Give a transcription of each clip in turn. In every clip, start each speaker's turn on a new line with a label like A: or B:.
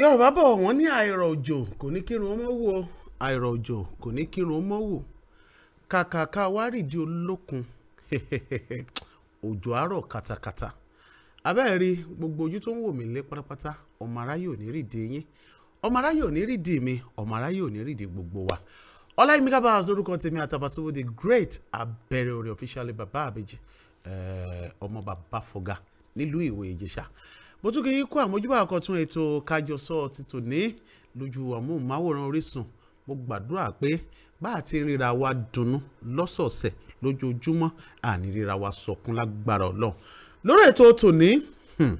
A: yorùbá bọ̀ wọ́n ní àìrọ̀ òjò kò ní kírun ọmọ wò àìrọ̀ òjò kò ní kírun ọmọ wò kàkàkà wárìdí olókun òjò àárọ̀ kàtàkàtà abẹ́ẹ̀ rí gbogbo ojú tó ń wò mí lé pátápátá ọmọ aráyé ò ní rìdí yín ọmọ aráyé ò ní rìdí mi ọmọ aráyé ò ní rìdí gbogbo wa ọláyẹmí kábàá lórúkọ tèmi àtàbàtúbú the great abẹ́rẹ́ orí officially baba àbèjì eh, ọmọ baba foga nílùú ìwé ìjẹsà mo tún kí yín kó àmójúbà àkọ́tún ètò kájọsọ ti tòní lójú àmóhùnmáwòrán Orísun mo gbàdúrà pé bá a ti ríra wa dunnú lọ́sọ̀ọ̀sẹ̀ lójoojúmọ́ àní ríra wa sọ̀kún lágbára Ọlọ́run lórí ètò tòní hmm,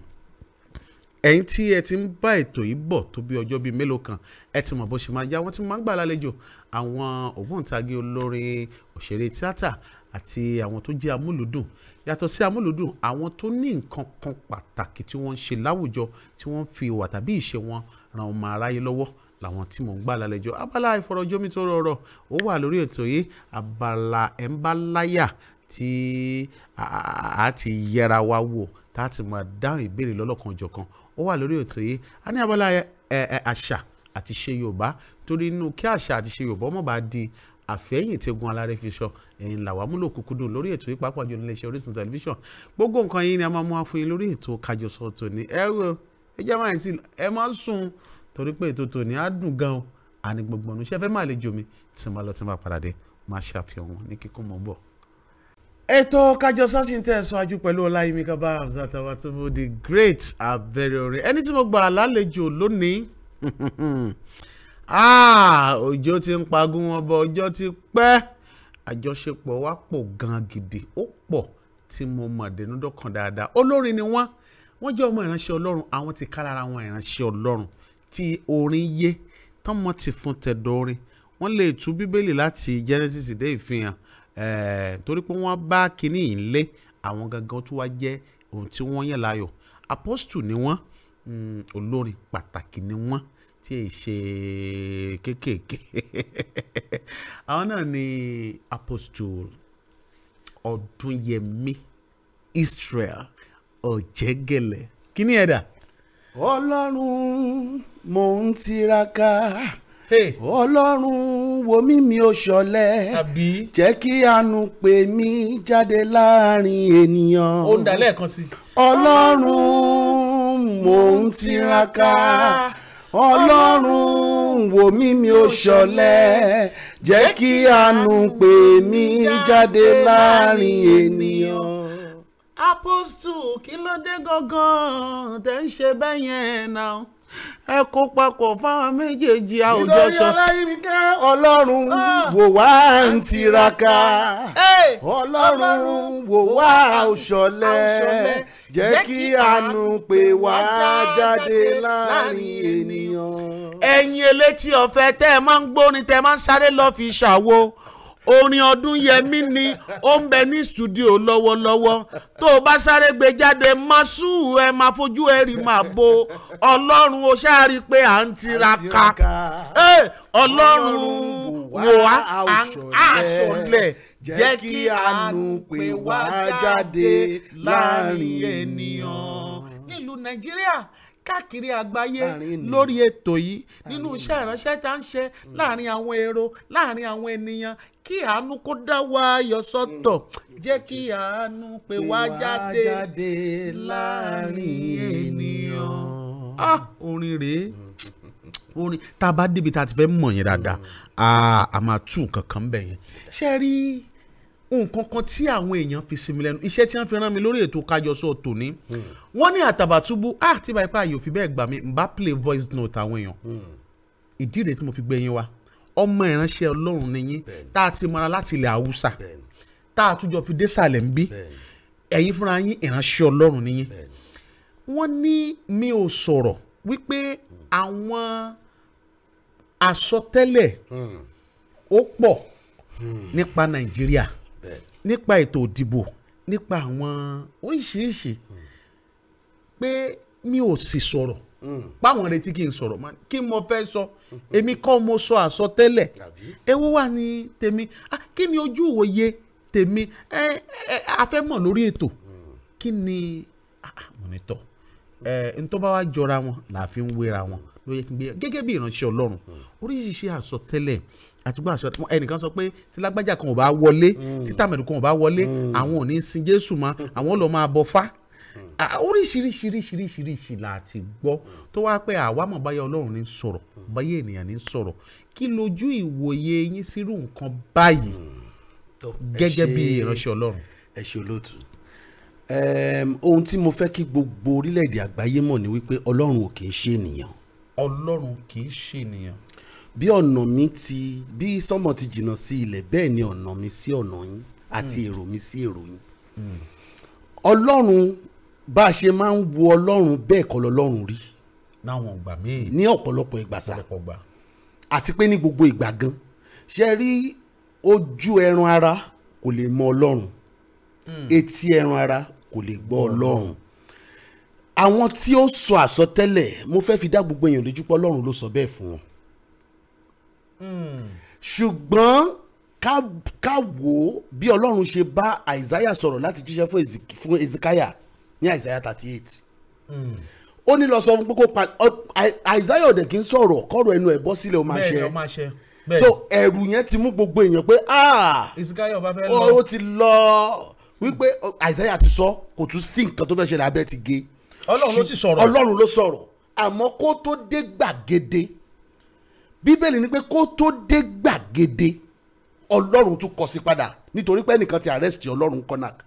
A: ẹ̀yin tí ẹ ti ń bá ètò yìí bọ̀ tó bí ọjọ́ bíi mélòó kan ẹ ti mọ̀ bó ṣe máa yá wọ́n ti máa ń gbà lálejò àwọn ògbóǹtagì olórin òṣèré tíátà àti àwọn tó jẹ́ amúlùdùn yàtọ̀ sí amúlùdùn àwọn tó ní nǹkan kan pàtàkì tí wọ́n ń ṣe láwùjọ tí wọ́n ń fi ìwà tàbí ìṣe wọn ran ọmọ aráyé lọ́wọ́ làwọn tí mò ń gbà lálejò abala ìfọ̀rọ̀jomi tó rọrọ̀ ó wà lórí ètò yìí abala ẹ̀ ń tí a ti yẹra wa wò tá a ti máa dáhùn ìbéèrè lọ́lọ́kan ọ̀jọ̀kan ó wà lórí ètò yìí a ní abala àṣà àti ṣe Yorùbá torí inú kí àṣà àti ṣe Yorùbá ọmọ bá di àfẹ́yìn tí ogun alárẹ́ fi sọ ẹ̀yìn làwa múlò kúkúdùn lórí ètò yìí pàápàá jù nílé iṣẹ́ Orísun tẹlifíṣàn gbogbo nǹkan yìí ni a máa mú wá fún yín lórí ètò Kájọsọ tòní ẹ wo ẹ jẹ́ máa ti ẹ má sùn torí pé ètò tòní á dùn gan àní gbogbo ọ̀nù ṣẹ́fẹ́ máa lè jò mí tí mo lọ tí mo padà dé máa ṣàfihàn wọn ní kíkún mọ́ bọ̀. ètò Kájọsọ sì ń tẹ̀sọ́ ajú pẹ̀lú Ọláyími Ah, òjò ti ń pagún wọn bọ ọjọ́ ti pẹ́ àjọṣepọ̀ wa pọ̀ gan gidi ó pọ̀ tí mo mọ̀ dénúdọ́kàn dáadáa olórin ni wọ́n wọ́n jẹ́ ọmọ ìránṣẹ́ ọlọ́run àwọn ti kára ara wọn ìránṣẹ́ ọlọ́run tí orin yé tọ́mọ ti fún tẹ̀dọ̀ orin wọ́n lè tú bíbélì láti Genesis dé ìfihàn torí pé wọ́n bá kínní yìí lé àwọn gangan tó wá jẹ́ ohun tí wọ́n yàn láàyò apọ́stù ni wọ́n hmm, olórin pàtàkì ni wọ́n tí è ṣe kéékèèké àwọn náà ni apostle ọdúnyẹmí israel ọ̀jẹ̀gẹ̀lẹ̀ kí ni ẹ̀dà. ọlọ́run mò ń tiraka ọlọ́run wo mí mi ò ṣọ̀lẹ jẹ́ kí àánú pè mí jáde láàrin ènìyàn ọlọ́run mò ń tiraka ọlọ́run wò mí mi ò ṣọ̀lẹ jẹ́ kí àánú pè mí jáde láàrin ènìyàn. apostol kí ló dé gangan tẹ́ ń ṣe bẹ́ẹ̀ yẹn náà ẹ kó papọ̀ fáwọn méjèèjì àwùjọ sọ. nítorí ọláyímíkẹ́ ọlọ́run ah. wò wá ń tiraka ọlọ́run wò wá ò ṣọ̀lẹ jẹ́ kí àánú pè wá jáde láàrin ènìyàn. ẹ̀yin elétí ọ̀fẹ́ tẹ́ ẹ máa ń gbórin tẹ́ ẹ máa ń sáré lọ́ọ́ fi ṣàwo orin ọdún yẹmí ni ó ń bẹ ní studio lọ́wọ́lọ́wọ́ tó o bá sáré gbé jáde masu ẹ máa fojú ẹ rí máa bo ọlọ́run o ṣáà rí i pé à ń tiraka ọlọ́run wò wá àṣọlẹ̀ jẹ́ kí àánú pè wá jáde láàrin ènìyàn nílùú nàìjíríà káàkiri àgbáyé lórí ètò yìí nínú iṣẹ́ ìránṣẹ́ tá ń ṣe hmm. láàrin àwọn èrò láàrin àwọn ènìyàn kí àánú kó dá wa ayọ̀ sọ́tọ̀ hmm. jẹ́ kí àánú pé wá jáde láàrin ènìyàn. ah orin rèé hmm. orin tá a bá débi tá a ti fẹ́ mọ̀ yẹn dáadáa a máa tú bẹ̀ yẹn ṣe rí i nǹkan kan tí àwọn èèyàn fi sinmi lẹ́nu iṣẹ́ tí wọ́n fi rán mi lórí ètò kájọsọ tòní hmm. wọ́n ní àtàbàtúbú ah tí báyìí pa àyè bẹ́ẹ̀ gbà mí n bá play voice note àwọn èèyàn hmm. ìdí rèé tí mo fi gbé yín wá ọmọ ìránṣẹ́ ọlọ́run ni yín tá a ti mọra láti ilẹ̀ haúsá tá a túnjọ fi dé sàlẹ̀ ń bí ẹ̀yin fúnra yín ìránṣẹ́ ọlọ́run ni yín wọ́n ní mi ò sọ̀rọ̀ wípé àwọn àsọtẹ́lẹ̀ hmm. ó pọ̀ nípa nàìjíríà. Hmm nípa ètò ìdìbò nípa àwọn oríṣiríṣi pé mi ò sì sọ̀rọ̀ báwọn hmm. retí kí n sọ̀rọ̀ máa kí mo fẹ́ sọ èmi kọ́ mo sọ àsọtẹ́lẹ̀ ewu wà ní tèmi ah, kí ni ojú ìwòye tèmi ẹ ẹ afẹ́mọ̀ lórí ètò hmm. kí ni ah, ah, mọ̀nítọ̀ ẹ ntọ́ba wa jọra wọn là á fi ń wéra wọn ló yẹ kí n gbé gẹ́gẹ́ bí ìránṣẹ́ Ọlọ́run hmm. oríṣiríṣi àsọtẹ́lẹ̀ àtúgbọ́n àṣọ ẹnìkan sọ pé tí lágbájá kan ò bá wọlé hmm. tí tàmẹ̀dù kan ò bá wọlé hmm. àwọn ò ní sin jésù mọ́ àwọn lọ́ọ́ máa bọ fá oríṣiríṣiríṣiríṣiríṣi la ti gbọ́ tó wá pé àwa mọ̀ báyọ̀ ọlọ́run ní sọ̀rọ̀ báyẹ̀ ènìyàn ní sọ̀rọ̀ kí lójú ìwòye yín sírú nǹkan báyìí hmm. gẹ́gẹ́ bí ìránṣẹ́ ọlọ́run. ẹ ṣe olóòtú ohun tí mo fẹ́ kí gbogbo orílẹ̀-èdè àgbáyé mọ̀ ni wípé ọlọ́run kì í ṣe ènìyàn. ọlọ́run kì í ṣe ènìyàn bí ọ̀nà mi ti bí sánmọ̀ ti jìnnà sí ilẹ̀ bẹ́ẹ̀ ni ọ̀nà mi sí ọ̀nà yín àti hmm. èrò mi sí èrò yín hmm. ọlọ́run bá a ṣe máa ń wo ọlọ́run bẹ́ẹ̀ kọ́ lọ́lọ́run rí láwọn ìgbà míì ní ọ̀pọ̀lọpọ̀ ìgbà sá àti pé ní gbogbo ìgbà gan ṣe rí ojú ẹran ara kò lè mọ ọlọ́run hmm. etí ẹran ara kò lè gbọ́ ọlọ́run àwọn tí ó sọ àsọtẹ́lẹ̀ mo fẹ́ fi dá gbogbo èèyàn lójú pé ọlọ́run ló sọ bẹ́ẹ̀ fún wọn ṣùgbọ́n ká wò ó bí ọlọ́run ṣe bá àìsáyà sọ̀rọ̀ láti jíṣẹ́ fún ezikaya ní àìsáyà thirty eight ó ní lọ sọ fún pé kó pa àìsáyà ọ̀dẹ̀ kì í sọ̀rọ̀ kọ́rọ̀ ẹnu ẹ̀ bọ́ sílẹ̀ ó máa ṣe so ẹ̀rù yẹn ti mú gbogbo èèyàn pé ah, ó ti lọ wípé àìsáyà ti sọ kò tún sí nǹkan tó fẹ́ ṣẹlẹ̀ abẹ́ ti gé ọlọ́run ló ti sọ̀rọ̀ ọlọ́run ló sọ̀rọ̀ àmọ́ kó tó dé gbàgede bíbélì ni pé kó tó dé gbàgede ọlọ́run tún kọ sí padà nítorí pé ẹnìkan ti arrest ọlọ́run konak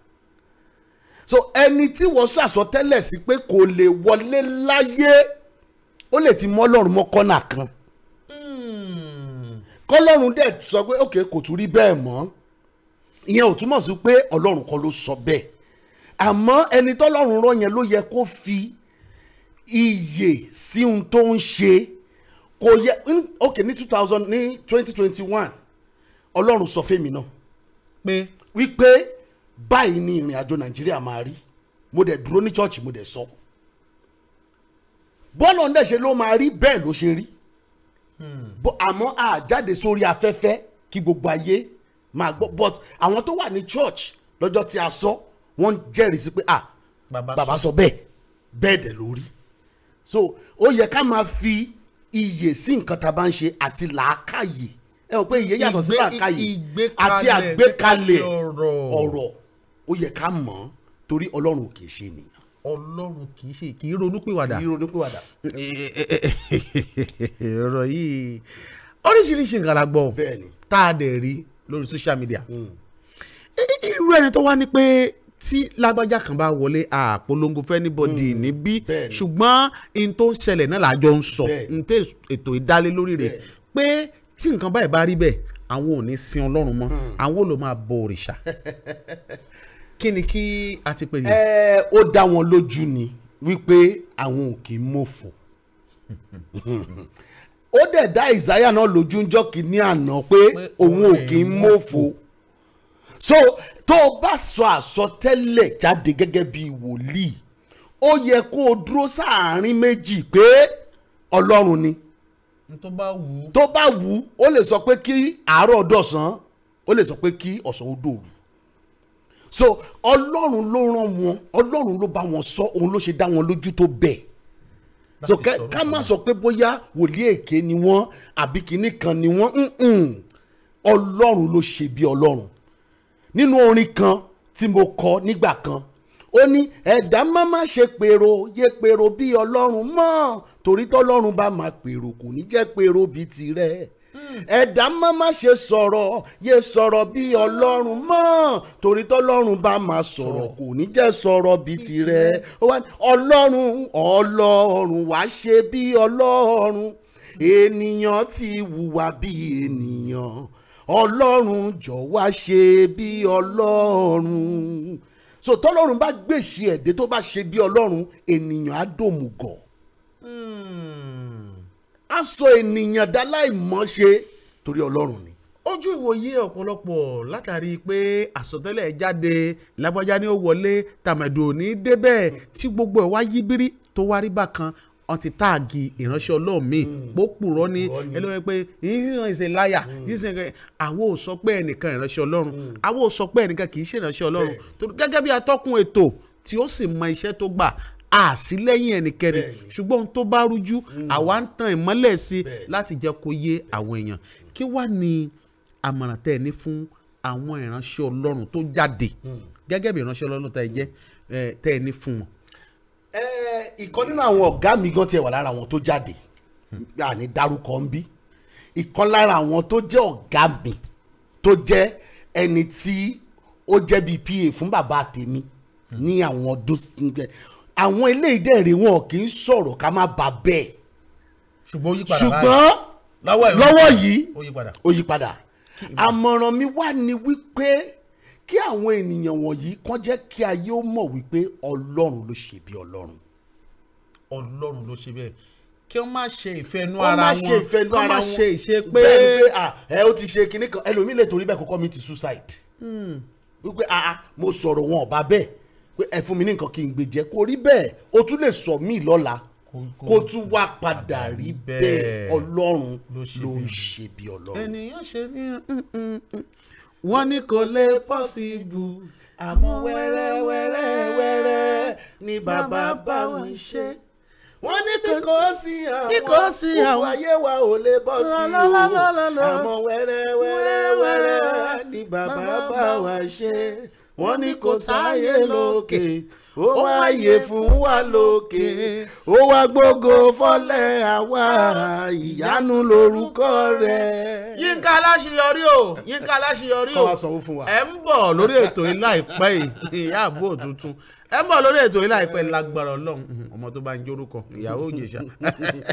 A: so ẹni tí wọ́n sàsọtẹ́lẹ̀ sí pé kò lè wọlé láyé ó lè ti mọ́ ọlọ́run mọ́ kọ́nà kan kọ́lọ́run dẹ̀ sọ pé òkè kò tún rí bẹ́ẹ̀ mọ́ ìyẹn ò túmọ̀ sí pé ọlọ́run kọ́ ló sọ bẹ́ẹ̀ àmọ́ ẹni tọ́lọ́run rán yẹn ló yẹ kó fi iyè sí ohun tó ń ṣe kò yẹ ok ní two thousand ní twenty twenty one ọlọ́run sọ fẹ́mi náà pé wípé báyìí ni ìrìn àjò nàìjíríà máa rí mo dẹ̀ dúró ní church mo dẹ̀ sọ bọ́ọ̀lù ọ̀ndẹ̀ ṣe ló máa rí bẹ́ẹ̀ ló ṣe rí hmm. àmọ́ a jáde sórí afẹ́fẹ́ kí gbogbo ayé máa gbọ́ but àwọn tó wà ní church lọ́jọ́ tí a sọ wọ́n jẹ́rìí sí pé ah Baba sọ bẹ́ẹ̀ bẹ́ẹ̀ dẹ̀ ló rí so ó yẹ ká máa fi Iye sí nǹkan tá a bá ń ṣe àti làákàyè ẹ mọ̀ pé iyè yàtọ̀ sí làákàyè àti àgbékalẹ̀ ọ̀rọ̀ ó yẹ ká mọ̀ ọ́ torí ọlọ́run kì í ṣe nìyẹn. ọlọ́run kì í ṣe kì í ronúpìwàdà. kì í ronúpìwàdà. ọ̀rọ̀ yìí oríṣiríṣi nǹkan tá a dẹ̀ rí lórí social media hmm. irú ẹni tó wá ní pé tí lágbájá kan bá wọlé àpolongo fẹ́nibọ́dì hmm. níbí ṣùgbọ́n n tó ń ṣẹlẹ̀ náà làjọ ń sọ n tẹ ètò ìdálé lórí rẹ̀ pé tí nǹkan báyìí bá rí bẹ́ẹ̀ àwọn ò ní sin ọlọ́run mọ́ hmm. àwọn ò lọ máa bọ òrìṣà kí ni kí a ti pè yín. ẹ ó dá wọn lójú ni wípé àwọn ò kì í mọ̀fọ̀ ó dẹ̀ dá ìsáyà náà lójú ń kí ní àná pé òun ò kì í mọ̀fọ̀ so tó o bá sọ àsọtẹ́lẹ̀ jáde gẹ́gẹ́ bí wòlíì ó yẹ kó o dúró sáàárín méjì pé ọlọ́run ni tó bá wù ú tó bá wù ú ó lè sọ pé kí àárọ̀ dọ̀sán ó lè sọ pé kí ọ̀sán ó dòru so ọlọ́run ló rán wọn ọlọ́run ló bá wọn sọ òun ló ṣe dá wọn lójú tó bẹ́ẹ̀ so ká má sọ pé bóyá wòlíì èké ni wọ́n àbí kinní kan ni wọ́n ọlọ́run ló ṣe bí ọlọ́run nínú orin kan tí mo kọ nígbà kan ó ní ẹ̀dá má má ṣe pèrò yé pèrò bí ọlọ́run mọ́ torí tọ́lọ́run bá máa pèrò kò ní jẹ́ pèrò bíi tirẹ̀ ẹ̀dá má má ṣe sọ̀rọ̀ yé sọ̀rọ̀ bí ọlọ́run mọ́ torí tọ́lọ́run bá máa sọ̀rọ̀ kò ní jẹ́ sọ̀rọ̀ bí tirẹ̀ ọlọ́run ọlọ́run wá ṣe bí ọlọ́run ènìyàn ti wùwà bí ènìyàn ọlọ́run jọ̀wá ṣe bí ọlọ́run so tọ́lọ́run bá gbèsè ẹ̀dẹ́ tó bá ṣe bí ọlọ́run ènìyàn á dòmùgọ̀ á hmm. sọ ènìyàn dá láìmọ̀ṣe torí ọlọ́run ni. ojú ìwòye ọ̀pọ̀lọpọ̀ látàrí pé àsọtẹ́lẹ̀ jáde lágbájá ni ó wọlé tàmẹ̀dò ní débẹ̀ hmm. tí gbogbo ẹ̀ wá yí bírí tó wá rí bákan wọ́n ti táàgì ìránṣẹ́ ọlọ́run mi hmm. pópùrọ́ ni ẹlẹ́wọ̀n pé ìyíyan ìṣe láyà ìṣe àwọn ò sọ pé ẹnìkan ìránṣẹ́ ọlọ́run hmm. àwọn ò sọ pé ẹnìkan kì í ṣe ìránṣẹ́ ọlọ́run hmm. gẹ́gẹ́ bí atọ́kùn ètò tí ó sì mọ iṣẹ́ tó gbà àsílẹ́yìn ẹnikẹ́ni ṣùgbọ́n tó bá rújú àwa ń tan ìmọ́lẹ̀ sí láti jẹ́ kó yé àwọn èèyàn kí wá ni àmọ̀ràn tẹ́ ní fún àwọn ìránṣẹ́ ọlọ́run tó jáde gẹ́gẹ́ bí ìránṣẹ́ ọlọ́run tẹ́ ní fún wọn. Eh, ìkan nínú àwọn ọ̀gá mi gan tiẹ̀ wà lára àwọn tó jáde àní dárúkọ ń bí ìkan lára àwọn tó jẹ́ ọ̀gá mi tó jẹ́ ẹni tí ó jẹ́ bíi pa fún bàbá tèmi ní àwọn ọdún àwọn eléyìí dẹ̀ rèé wọn kì í sọ̀rọ̀ ká má bà bẹ́ẹ̀ ṣùgbọ́n lọ́wọ́ yìí ó yí padà àmọ̀ràn mi wà ní wípé kí àwọn ènìyàn wọ̀nyí kàn jẹ́ kí ayé ó mọ̀ wípé ọlọ́run ló ṣe bí ọlọ́run. ọlọ́run ló ṣe bẹ́ẹ̀ kí wọ́n má ṣe ìfẹ́nu ara wọn kí wọ́n má ṣe ìṣe pé bẹ́ẹ̀ pé ah, ẹ ó ti ṣe kinní kan ẹlòmíì lè torí bẹ́ẹ̀ kó commit suicide. Hmm. wípé ah, ah, mo sọ̀rọ̀ wọn ọ̀bá bẹ́ẹ̀ pé ẹ fún mi ní nǹkan kí n gbé jẹ kó rí bẹ́ẹ̀ o tún lè sọ mí lọ́la kó tún wá padà rí bẹ́ẹ̀ ọlọ́run ló ń ṣe bí ọlọ́run. ènìyàn ṣe bí wọ́n ní kò lè pọ́sibú àmọ́ wẹ́rẹ́wẹ́rẹ́ wẹ́rẹ́ ni bàbá bá wọn ṣe wọ́n ní kí kò sí àwọn òkú ayé wa ò lè bọ́ sí i àmọ́ wẹ́rẹ́wẹ́rẹ́wẹ́rẹ́ ni bàbá bá wa ṣe wọ́n ní kò sáyé lókè. ó wá loke fún wa lókè ó wá gbógo fọ́lẹ̀ àwa ìyanu lórúkọ rẹ̀. yínká aláṣeyọrí o yínká aláṣeyọrí o ẹ ń bọ̀ lórí ètò yìí láìpẹ́ yìí ìyá àbúrò tuntun ẹ ń bọ̀ lórí ètò yìí láìpẹ́ lágbára ọlọ́run ọmọ tó bá ń jórúkọ ìyàwó òjèṣà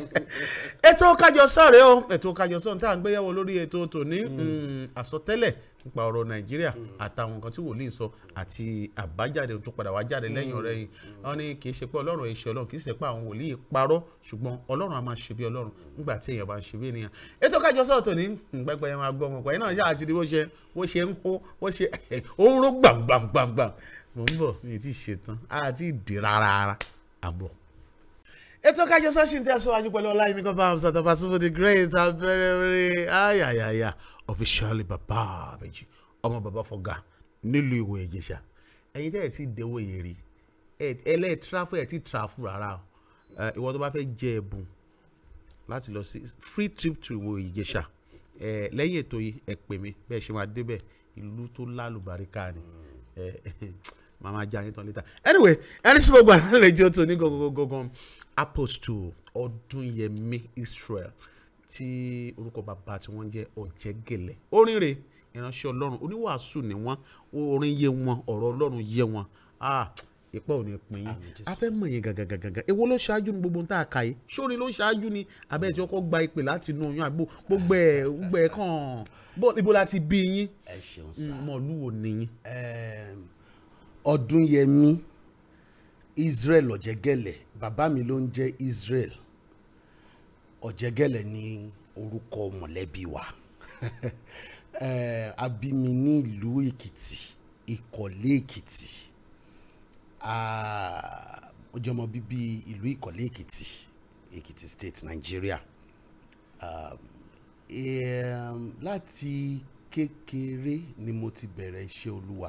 A: ètò kájọ sọ̀rẹ́ o ètò kájọ sọ̀rẹ́ tá à ń gbéyàwó lórí ètò tòní hmm. àsọtẹ́lẹ̀ nípa ọ̀rọ̀ nàìjíríà àtàwọn nǹkan tí wòlíì sọ àti àbájáde tó padà wá jáde lẹ́yìn ọ̀rẹ́ yìí hmm. wọn ni kì í ṣe pé ọlọ́run èṣe ọlọ́run kì í ṣe pé àwọn wòlíì parọ́ ṣùgbọ́n ọlọ́run á máa ṣe bí ọlọ́run nígbà tí èèyàn bá ń ṣe bí ènìyàn ètò kájọ sọ̀rọ̀ tòní gbẹgbẹ yẹn máa gbọ́ ọmọkùnrin náà ṣáà ti di bó ṣe ń hó bó ṣe ń ró gbàǹgbàǹgbàǹgbàǹ mò ń bọ̀ mi ti ṣetán a ti dì rárá rárá àbọ̀. ètò Ká Jọ Sọ ṣì ń tẹ̀síwájú pẹ̀lú ọláyẹmí kan bá àwọn sàtọ̀ Pasuma the great abẹ́rẹ́ rẹ̀ ayayaya officially bàbá méjì ọmọ bàbá fọgà nílùú ìwò ìjẹsà ẹ̀yin tẹ́ ẹ̀ ti dẹ̀wọ̀ èrè ẹlẹ́ẹ̀ tráfù ẹ̀ ti tráfù rárá ìwọ tó bá fẹ́ jẹ ẹ̀bùn láti lọ sí free trip to ìwò ìjẹsà lẹ́yìn ètò yìí ẹ pè mí bẹ́ẹ̀ ṣe máa débẹ̀ ìlú tó lálùbáríkà ni màá máa yín tán later anyway ẹni sí gbogbo àná lè jẹ́ tó ní gangan apostle ọdúnyẹmí israel tí orúkọ bàbá tí wọ́n jẹ́ ọ̀jẹ̀gẹ̀lẹ̀ orin rẹ̀ ìránṣẹ́ ọlọ́run oníwàásù ni wọ́n orin yé wọn ọ̀rọ̀ ọlọ́run yé wọn ah, ìpọ̀ ò ní pin yín a fẹ́ mọ̀ yín gangan gangan èwo ló ṣáájú ni gbogbo tá a kà ló ṣáájú ni abẹ́ tí ọkọ̀ gba ìpè láti inú oyún àgbo gbogbo ẹ̀ gbogbo ẹ̀ kàn ibo láti bí yín mọ̀lúwo nìyín ọdúnyẹmí israel ọ̀jẹ̀gẹ̀lẹ̀ bàbá mi ló ń jẹ́ israel ọ̀jẹ̀gẹ̀lẹ̀ ní orúkọ mọ̀lẹ́bí wa eh, a bí mi ní ìlú èkìtì ìkọ̀lé èkìtì ó jẹ́ ọmọ bíbí ìlú ìkọ̀lé èkìtì èkìtì state nigeria e, um, eh, láti kékeré ni mo ti bẹ̀rẹ̀ iṣẹ́ olúwa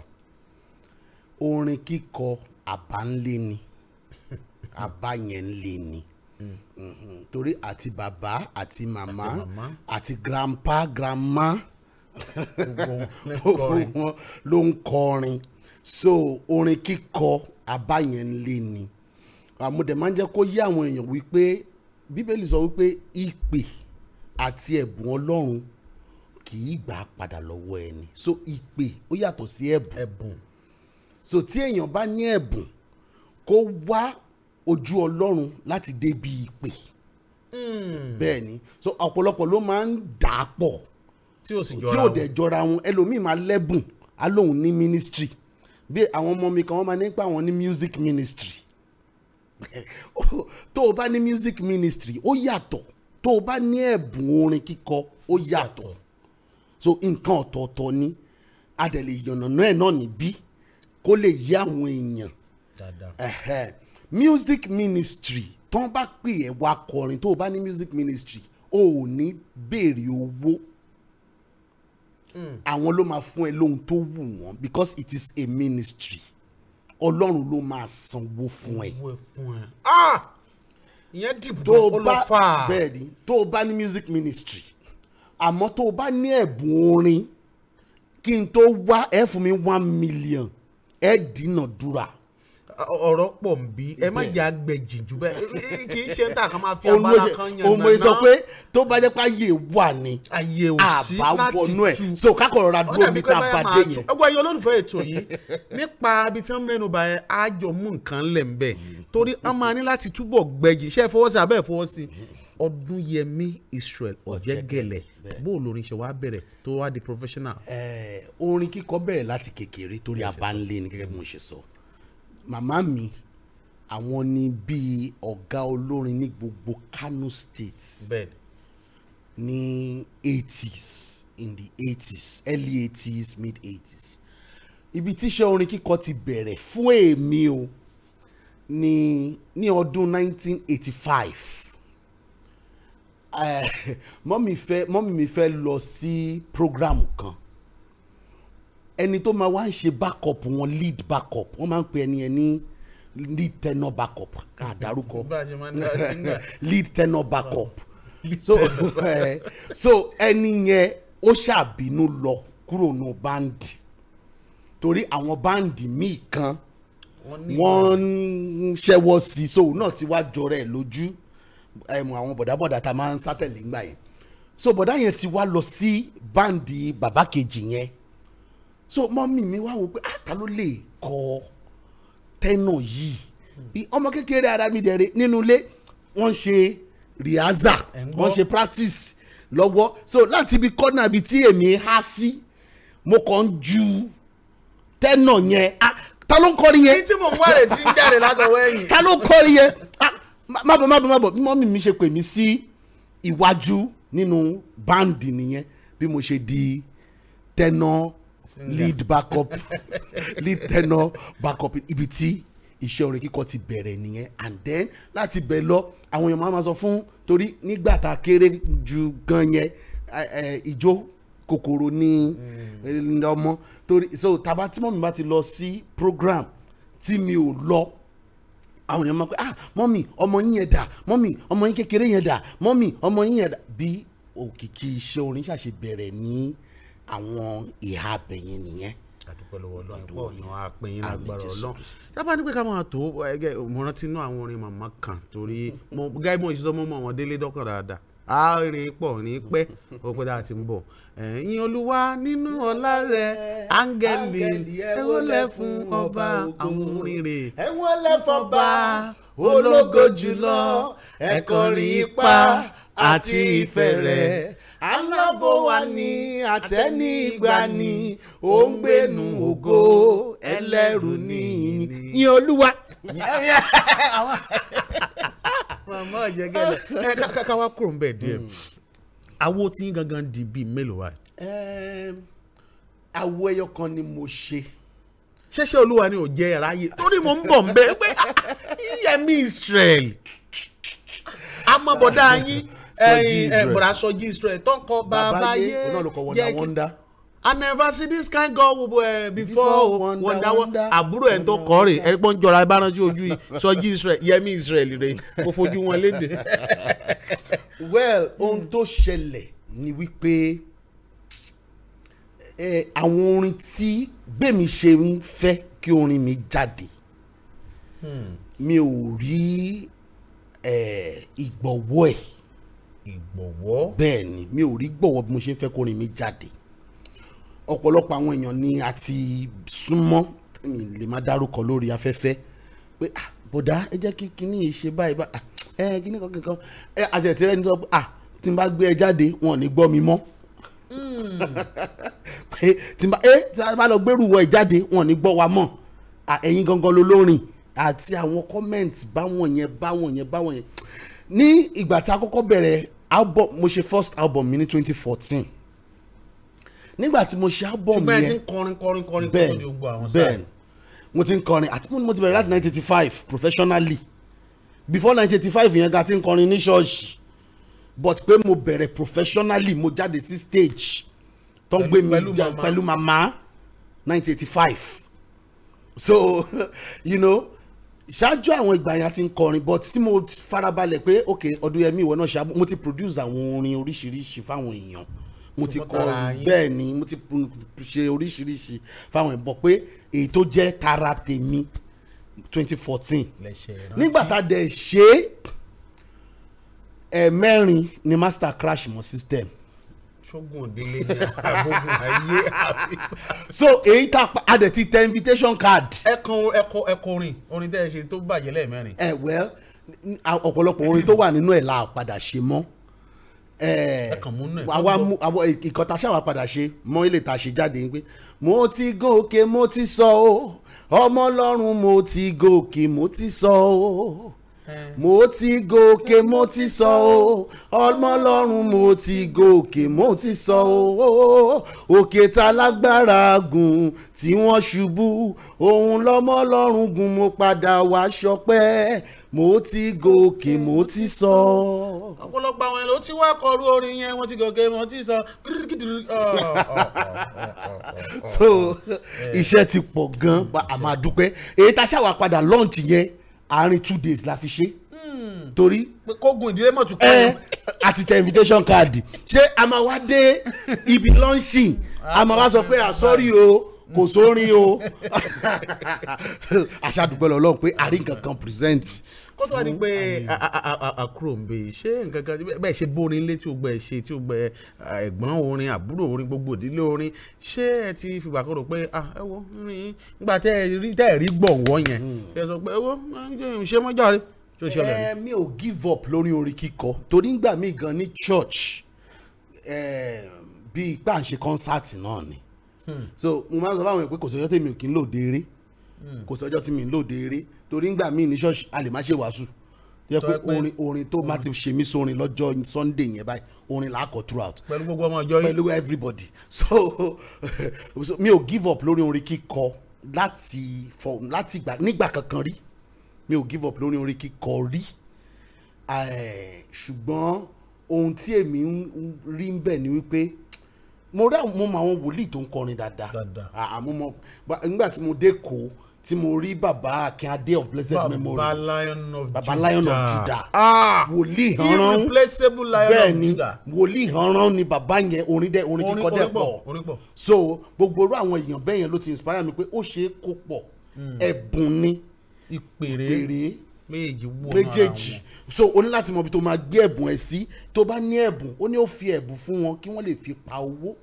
A: orin kíkọ àbá ń lé ni àbá yẹn ń lé ni mhm. torí àti bàbá àti màmá àti grandpa grandma gbogbo wọn ló ń kọrin so orin kíkọ àbá yẹn ń lé ni àmúdẹ̀ ah, máa ń jẹ́ kó yé àwọn èèyàn wípé bíbélì sọ wípé ìpè àti ẹ̀bùn ọlọ́run kì í gbà padà lọ́wọ́ ẹni so ìpè ó yàtọ̀ sí ẹ̀bùn so tí èèyàn bá ní ẹ̀bùn kó wá ojú ọlọ́run láti débi ìpè hmm. bẹ́ẹ̀ ni so ọ̀pọ̀lọpọ̀ ló máa ń dà á pọ̀ tí ò sì jọra wọn tí ò dẹ̀ jọra wọn ẹlòmíì máa lẹ́bùn á lóun ní ministry bí àwọn ọmọ mi kan wọ́n máa ní pa àwọn ní music ministry tó o bá ní music ministry ó yàtọ̀ tó o bá ní ẹ̀bùn orin kíkọ ó yàtọ̀ so nǹkan ọ̀tọ̀ọ̀tọ̀ ni adẹ̀lẹ̀ ìyànnàná ẹ̀ náà níbí kó lè yé àwọn èèyàn music ministry tó ń bá pè ẹ́ wá kọrin tó o bá ní music ministry o ò ní béèrè owó hmm. àwọn ló máa fún ẹ lóhun tó wù wọ́n because it is a ministry ọlọ́run ló máa sanwó fún ẹ. Ah! ìyẹn dìbò ọlọ́fà. bẹ́ẹ̀ ni tó o bá ní music ministry àmọ́ tó o bá ní ẹ̀bùn orin kí n tó wá ẹ fún mi one million ẹ dínàdúrà ọ̀rọ̀ pọ̀ ń bí ẹ má jẹ́ agbẹ̀jì jù bẹ́ẹ̀ kì í ṣe ń tà kán máa fi abala kan yàn náà. òmò sọ pé tó bá jẹ́ pé ayé wà ní àbá wọnú ẹ̀ so kákọ̀ rọra dúró mi tá a bá dé yẹn. ọgbà ẹyọ olólùfẹ́ ètò yìí nípa ibi tí wọ́n mẹ́nu bà ẹ́ àjọ mú nǹkan lẹ̀ ń bẹ̀ torí wọ́n máa ní láti túbọ̀ gbẹ̀jì iṣẹ́ ìfọwọ́sí abẹ́ ìfọwọ́sí ọdúnyẹmí israel ọ̀jẹ̀gẹ̀lẹ̀ bó olórin ṣe wá bẹ̀rẹ̀ tó wá di professional. ẹ orin kíkọ bẹ̀rẹ̀ láti kékeré torí abánlé ni gẹ́gẹ́ bí mo ṣe sọ màmá mi àwọn ni bíi ọ̀gá olórin ní gbogbo kano state ní 80s in the 80s early 80s mid 80s ibi tíṣẹ́ orin kíkọ ti bẹ̀rẹ̀ fún èmi o ní ní ọdún 1985 Eh, mọ́mì fẹ́ mọ́mì mi fẹ́ lọ sí program kan ẹni tó máa wá ń ṣe backup wọn lead backup wọ́n máa ń pe ẹni ẹni lead tenor backup ká dárúkọ lead tenor backup so eh, so ẹni yẹn ó ṣàbínú lọ kúrò nù báńdì torí àwọn báńdì míì kan wọ́n ń ṣẹ́wọ́ sí so náà ti wá jọrọ ẹ̀ lójú àwọn bọ̀dábọ̀dá tá a máa ń sátẹ̀lé ńgbà yẹn so bọ̀dá yẹn ti wá lọ sí báǹdì bàbá kejì yẹn so mọ́mì mi wá wò pé àtà ah, ló lè kọ tẹ́nọ̀ yìí ọmọ kékeré ara mi dẹ̀ re nínú ilé wọ́n ṣe rìhásà wọ́n ṣe practice lọ́wọ́ so láti ibi kọ́nà ibi tí èmi há sí mo kàn ń ju tẹ́nọ̀ yẹn ah ta ló ń kọrin yẹn. èyí tí mò ń wá rè ti ń jáde látọwọ́ ẹ̀yìn. ta ló ń kọrin yẹn má bọ̀ má bọ̀ má bọ̀ bí mọ́mì mi ṣe pè mí sí iwájú nínú báǹdì nìyẹn bí mo ṣe di tenor lead backup lead tenor backup ibi tí iṣẹ́ orin kíkọ ti bẹ̀rẹ̀ nìyẹn and then láti bẹ̀ lọ àwọn èèyàn máa ma sọ fún torí nígbà tá a kéré ju gan yẹn ìjó kòkòrò ní hmm. ọmọ torí so tàbá tí bá ti lọ sí program tí mi ò lọ àwọn èèyàn máa pẹ́ ah mọ́mì ọmọ yín yẹn dà mọ́mì ọmọ yín kékeré yẹn dà mọ́mì ọmọ yín yẹn dà bí òkìkí iṣẹ́ orin ṣàṣe bẹ̀rẹ̀ ní àwọn ìhà abẹ̀yìn nìyẹn àdúpẹ́ lọ́wọ́ ọlọ́run pọ̀ ọ̀nà àpẹyìn lágbára ọlọ́run tábà ní pé ká máa tó ẹgẹ mo rántí inú àwọn orin màmá kan torí mo gáì ìṣiṣọ́ mọ́ mọ́ délé dọ́kàn dáadáa àárẹ̀ pọ̀ ní pẹ́ òpin tá a ti ń bọ̀ ẹ̀yin olúwa nínú ọlá rẹ̀ áńgẹ́lì ẹ̀wọ́lẹ̀ fún ọba àwọn rere ẹ̀wọ́lẹ̀ fọba ológo jùlọ ẹ̀kọ́rin ipa àti ìfẹ́ rẹ̀ alábò wa ní àtẹ́ni ìgbani ó ń gbénu ògo ẹlẹ́rù ní ìyìn olúwa. Mama, ọ̀jẹ̀ gẹ́lẹ̀ ẹ eh, eh, káwá kúrò ń bẹ̀ díẹ̀ awo hmm. tí gangan di bíi mélòó wa. awo ẹyọ kan ni mo ṣe. ṣẹṣẹ olúwa ni ò jẹ ẹ̀rá yìí torí mo ń bọ̀ ń bẹ pé ah, yíyẹmí Israel amọ̀bọ̀dá yín ẹ̀yìn ẹ̀bùrà sọjí Israel tọ́kọ bàbá yé jẹ́ kí. I never see this kind girl uh, before wonder wonder àbúrò ẹ̀ tó kọ́ rè ẹni pọ́n jọra ìbáranjú ojú yìí sọ́jí Israel Yẹmi Israel rè kó fojú wọn léde. well ohun tó ṣẹlẹ̀ ni wípé àwọn orin tí gbèmí ṣe ń fẹ́ kí orin mi jáde hmm. mi ò rí ìgbọ̀wọ́ ẹ̀ ìgbọ̀wọ́ bẹ́ẹ̀ ni mi ò rí gbọ̀wọ́ bí mo ṣe ń fẹ́ kórin mi jáde. Hmm ọ̀pọ̀lọpọ̀ àwọn èèyàn ni a ti súnmọ́ mi lè má dárúkọ lórí afẹ́fẹ́ pé ah bọ̀dá ẹ jẹ́ kí kinní yìí ṣe báyìí bá ah, ẹ kinní kan kankan ẹ àjẹtí rẹ ní ah tí n bá gbé ẹ jáde wọn ò ní gbọ́ mi mọ́ hmm. pé tí n bá ẹ eh, tí a bá lọ gbẹ́rù wọ ẹ jáde wọn ò ní gbọ́ wa mọ́ ah, ẹ̀yin gangan ló lórin àti àwọn comment báwọn yẹn báwọn yẹn báwọn yẹn ní ìgbà tá a kọ́kọ́ bẹ̀rẹ̀ album mo ṣe first album mi ní twenty fourteen nígbà tí mo ṣe album yẹn ti ń kọrin kọrin kọrin kọrin di gbogbo àwọn sáà bẹ́ẹ̀ mo ti ń kọrin àti mo ti bẹ̀rẹ̀ láti 1985 professionally before 1985 yẹn ga ti ń kọrin ní ṣọ́ọ̀ṣì but pé mo bẹ̀rẹ̀ professionally mo jáde sí stage tó ń gbé mi pẹ̀lú màmá 1985 so you know ṣáájú àwọn ìgbà yẹn a ti ń kọrin but tí mo farabalẹ̀ pé ok Ọdúyẹmí ìwọ náà ṣe mo ti produce àwọn orin oríṣiríṣi fáwọn èèyàn mo ti kọ bẹ́ẹ̀ ni mo ti ṣe oríṣiríṣi fáwọn ìbọn pé èyí tó jẹ́ tara tèmi twenty fourteen nígbà ṣe ẹ̀ẹ̀mẹ́rin ni master crash mọ́ system ṣógun òdílé ni àbógun ayé àbí. so èyí tá a dẹ̀ ti tẹ invitation card. ẹ ẹkọ ẹkọ orin orin tẹ́ ẹ ṣe tó bàjẹ́ lẹ́ẹ̀mẹ́rin. ẹ eh, well ọ̀pọ̀lọpọ̀ orin tó wà nínú ẹ̀ la padà ṣe mọ́ Eh, àwa ìkan tá a ṣàwà padà ṣe mọ ilé tá ṣe jáde ń pé mo ti gòkè mo ti sọ o ọmọ ọlọ́run mo ti gòkè mo ti sọ o Eh. mo ti gòkè mo ti sọ o ọmọ ọlọ́run mo ti gòkè mo ti sọ o òkè ta lágbára gùn tí wọ́n ṣubú òun lọ́mọ ọlọ́run gùn mo padà wá ṣọpẹ́ mo ti gòkè mo ti sọ. ọ̀pọ̀lọpọ̀ àwọn èèyàn ló ti kọrú orin yẹn wọ́n ti gòkè mo ti sọ. so iṣẹ́ ti pọ̀ gan-an a máa dúpẹ́ èyí tá a ṣàwà padà lọ́ǹtì yẹn àárín two days la fi ṣe hmm. torí. kogun. ìdílé mọ̀ tún kọ́ eh, àti tẹ invitation card ṣé a máa wá dé ibi lọ́ńṣì a máa wá sọ pé àsọ́rí ah, o kò sórin o aṣáàdúgbò lọ́lọ́run pé àrí nǹkan kan present. kó tó wá ní pé àkúrò ń bè ṣé nǹkan kan bẹ́ẹ̀ ṣe bórin ilé tí o gbẹ ṣe tí o gbẹ ẹ̀gbọ́n orin àbúrò orin gbogbo ìdílé orin ṣé ẹ ti fìgbà kan rò pé ẹ wo nígbà tẹ́ ẹ rí gbọ̀nwọ́ yẹn ṣe hmm. sọ pé ẹ wo mọ́jà rẹ tó mi ò give up lórí orin kíkọ torí ń gbà mí gan ní church eh, bíi pàǹṣe kọ́nsáàtì náà ni. Mm Hmm. so mo máa ń sọ fáwọn èèyàn pé kò sọjọ́ tèmi ò kí ń lòde eré hmm. kò sọjọ́ tí mi ń lòde eré torí ńgbà míì ní ṣọ́ọ̀ṣì a lè má ṣe wàásù tó yẹ pé orin orin tó má ti hmm. ṣe mí sórin lọ́jọ́ sunday yẹn báyìí orin là á kọ throughout. pẹ̀lú gbogbo ọmọ ọjọ́ yìí pẹ̀lú everybody so mi ò give up lórí orin kíkọ láti fọ láti gbà nígbà kankan rí mi ò give up lórí orin kíkọ rí ṣùgbọ́n ohun tí èmi ń rí ń bẹ̀ ni wípé mo rí àwọn mo mọ àwọn wòlíì tó ń kọrin dáadáa àmọ́ ah, ah, mo nígbà tí mo dé kó tí mo rí baba akin ade of blessed baba memory baba lion of judah ah! wòlíì hanran bẹ́ẹ̀ ni wòlíì hanran ni baba yẹn orin dẹ orin kíkọ dẹ pọ̀ so gbogbo irú àwọn èèyàn bẹ́ẹ̀ yẹn ló ti inspire mi pé ó ṣe é kó pọ̀ hmm. ẹ̀bùn ni ìpèrè méjèèjì so o ní láti mọ ibi tó máa gbé ẹ̀bùn ẹ̀ sí tó bá ní ẹ̀bùn ó ní ó fi ẹ̀bùn fún wọn kí wọ́n lè fi pa owó